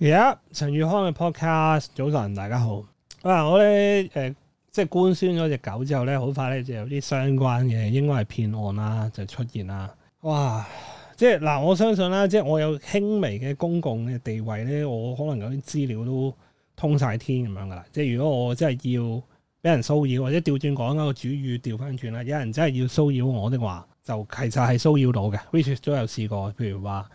而家、yeah, 陳宇康嘅 podcast，早晨，大家好。啊，我咧誒、呃，即係官宣咗隻狗之後咧，好快咧就有啲相關嘅，應該係騙案啦，就出現啦。哇！即係嗱、啊，我相信啦，即係我有輕微嘅公共嘅地位咧，我可能有啲資料都通晒天咁樣噶啦。即係如果我真係要俾人騷擾，或者調轉講嗰個主語調翻轉啦，有人真係要騷擾我的話，就其實係騷擾到嘅。WeChat 都有試過，譬如話。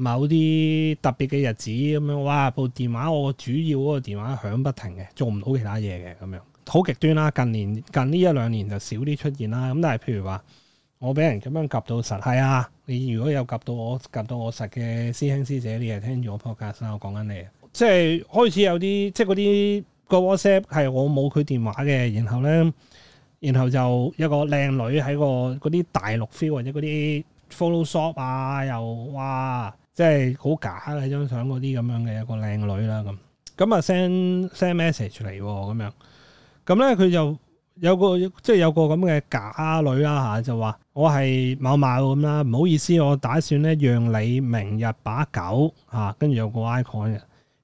某啲特別嘅日子咁樣，哇！部電話我主要嗰個電話響不停嘅，做唔到其他嘢嘅咁樣，好極端啦。近年近呢一兩年就少啲出現啦。咁但係譬如話，我俾人咁樣及到實係啊！你如果有及到我及到我實嘅師兄師姐，你係聽住我 podcast 我講緊你。即係開始有啲即係嗰啲個 WhatsApp 係我冇佢電話嘅，然後咧，然後就一個靚女喺嗰個嗰啲大陸 feel 或者嗰啲 Photoshop 啊，又哇～即係好假嘅張相，嗰啲咁樣嘅一個靚女啦，咁咁啊 send send message 嚟喎，咁樣咁咧佢就有個即係有個咁嘅假女啦吓、啊，就話我係某某咁啦，唔好意思，我打算咧讓你明日把狗吓，跟、啊、住有個 icon 嘅，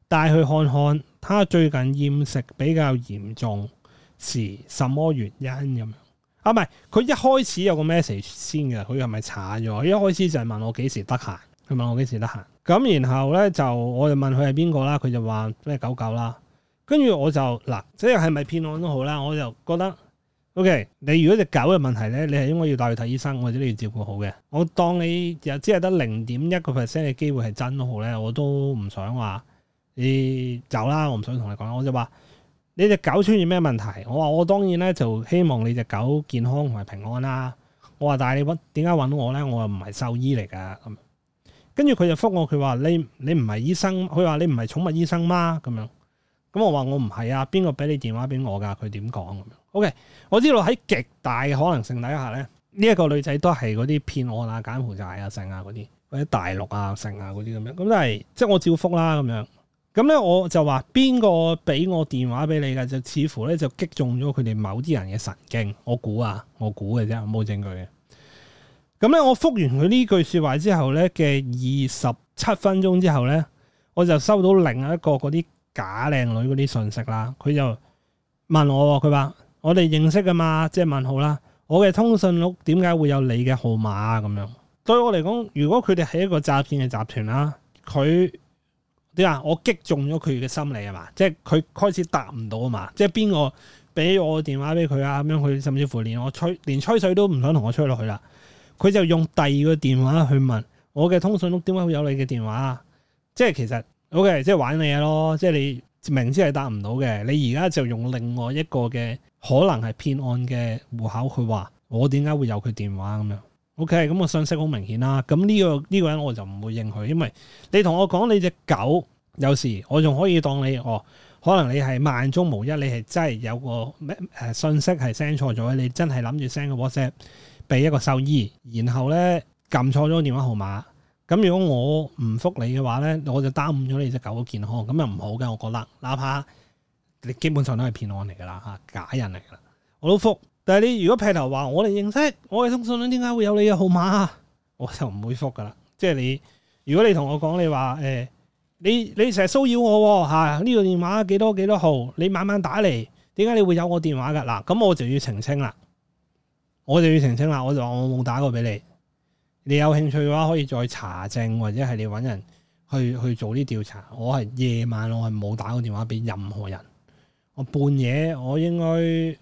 帶佢看看，他最近厭食比較嚴重是什麼原因咁樣啊？唔係佢一開始有個 message 先嘅，佢係咪查咗？一開始就係問我幾時得閒。佢問我幾時得閒，咁然後咧就我就問佢係邊個啦，佢就話咩狗狗啦，跟住我就嗱，即係係咪騙案都好啦，我就覺得 OK。OK, 你如果隻狗嘅問題咧，你係應該要帶去睇醫生或者你要照顧好嘅。我當你又只係得零點一個 percent 嘅機會係真都好咧，我都唔想話你走啦。我唔想同你講，我就話你隻狗出現咩問題？我話我當然咧就希望你隻狗健康同埋平安啦。我話但係你揾點解揾到我咧？我又唔係獸醫嚟㗎。跟住佢就覆我，佢話你你唔係醫生，佢話你唔係寵物醫生嗎？咁樣咁我話我唔係啊，邊個俾你電話俾我㗎？佢點講咁樣？OK，我知道喺極大嘅可能性底下咧，呢一個女仔都係嗰啲騙案啊、柬埔寨啊、剩啊嗰啲或者大陸啊、剩啊嗰啲咁樣。咁即係即係我照覆啦咁樣。咁咧我就話邊個俾我電話俾你嘅？就似乎咧就擊中咗佢哋某啲人嘅神經。我估啊，我估嘅啫，冇證據嘅。咁咧，我覆完佢呢句說話之後咧嘅二十七分鐘之後咧，我就收到另一個嗰啲假靚女嗰啲訊息啦。佢就問我，佢話我哋認識噶嘛？即係問好啦。我嘅通訊錄點解會有你嘅號碼啊？咁樣對我嚟講，如果佢哋係一個詐騙嘅集團啦，佢點啊？我擊中咗佢嘅心理啊嘛？即係佢開始答唔到啊嘛？即係邊個俾我電話俾佢啊？咁樣佢甚至乎連我吹連吹水都唔想同我吹落去啦。佢就用第二個電話去問我嘅通訊錄點解會有你嘅電話啊？即係其實 OK，即係玩你嘢咯。即係你明知係答唔到嘅，你而家就用另外一個嘅可能係騙案嘅戶口去話我點解會有佢電話咁、OK，樣？OK，咁個信息好明顯啦。咁呢個呢個人我就唔會認佢，因為你同我講你隻狗有時，我仲可以當你哦。可能你係萬中無一，你係真係有個咩誒、呃、信息係 send 錯咗，你真係諗住 send 個 WhatsApp。俾一個獸醫，然後咧撳錯咗電話號碼。咁如果我唔復你嘅話咧，我就耽誤咗你隻狗嘅健康，咁又唔好嘅。我覺得，哪怕你基本上都係騙案嚟噶啦，假人嚟噶啦，我都復。但係你如果劈頭話我哋認識，我哋通訊點解會有你嘅號碼？我就唔會復噶啦。即係你，如果你同我講你話誒，你、欸、你成日騷擾我喎嚇，呢個電話幾多幾多號？你晚晚打嚟，點解你會有我電話噶？嗱，咁我就要澄清啦。我就要澄清啦！我就話我冇打過俾你。你有興趣嘅話，可以再查證，或者係你搵人去去做啲調查。我係夜晚，我係冇打過電話俾任何人。我半夜，我應該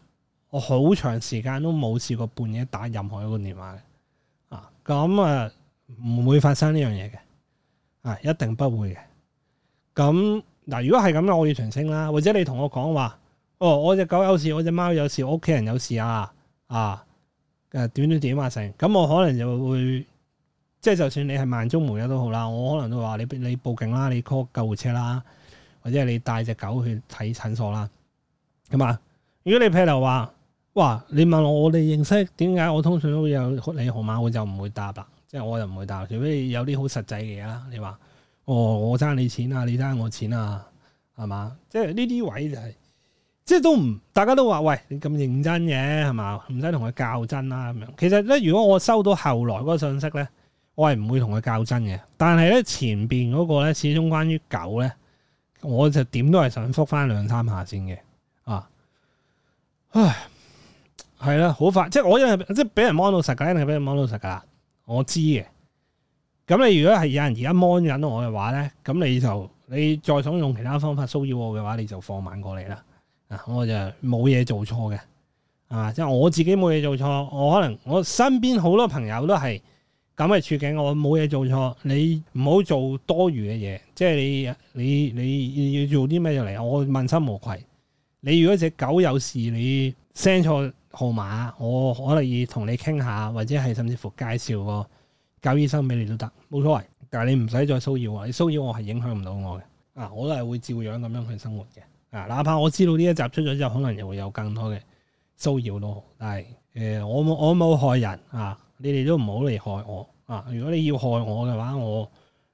我好長時間都冇試過半夜打任何一個電話嘅。啊，咁啊，唔會發生呢樣嘢嘅啊，一定不會嘅。咁、啊、嗱，如果係咁咧，我要澄清啦。或者你同我講話，哦，我隻狗有事，我隻貓有事，我屋企人有事啊啊！誒短短點啊，成咁我可能就會，即係就算你係萬中無一都好啦，我可能都話你你報警啦，你 call 救護車啦，或者係你帶隻狗去睇診所啦，咁啊，如果你劈頭話，哇！你問我哋認識點解？我通常都會有你號碼，我就唔會答白，即係我又唔會答。除非有啲好實際嘅嘢啦，你話哦，我爭你錢啊，你爭我錢啊，係嘛？即係呢啲位就係、是。即係都唔，大家都話喂，你咁認真嘅係嘛？唔使同佢較真啦，咁樣。其實咧，如果我收到後來嗰個信息咧，我係唔會同佢較真嘅。但係咧，前邊嗰個咧，始終關於狗咧，我就點都係想複翻兩三下先嘅。啊，唉，係啦，好快，即係我因為即係俾人 mon 到實架，一定係俾人 mon 到實架，我知嘅。咁你如果係有人而家 mon 緊我嘅話咧，咁你就你再想用其他方法騷擾我嘅話，你就放慢過嚟啦。我就冇嘢做錯嘅，啊，即係我自己冇嘢做錯。我可能我身邊好多朋友都係咁嘅處境，我冇嘢做錯。你唔好做多餘嘅嘢，即係你你你要做啲咩嘢嚟？我問心無愧。你如果隻狗有事，你 send 錯號碼，我可能要同你傾下，或者係甚至乎介紹個狗醫生俾你都得，冇所謂。但係你唔使再騷擾我，你騷擾我係影響唔到我嘅。啊，我都係會照樣咁樣去生活嘅。啊！哪怕我知道呢一集出咗之後，可能又會有更多嘅騷擾都好，但係誒、呃，我冇我冇害人啊！你哋都唔好嚟害我啊！如果你要害我嘅話，我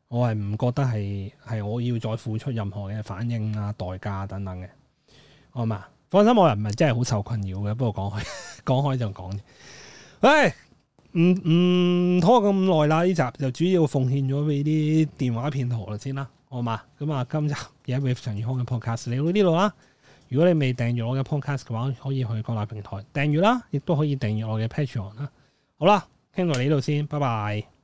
我係唔覺得係係我要再付出任何嘅反應啊、代價等等嘅，係嘛？放心，我人唔係真係好受困擾嘅，不過講開 講開就講。誒，唔、嗯、唔、嗯、拖咁耐啦！呢集就主要奉獻咗俾啲電話騙徒啦，先啦。好嘛，咁、嗯、啊，今日有一位非常愉快嘅 podcast 嚟到呢度啦。如果你未訂閱我嘅 podcast 嘅話，可以去各大平台訂閱啦，亦都可以訂閱我嘅 Patreon 啦。好啦，傾到呢度先，拜拜。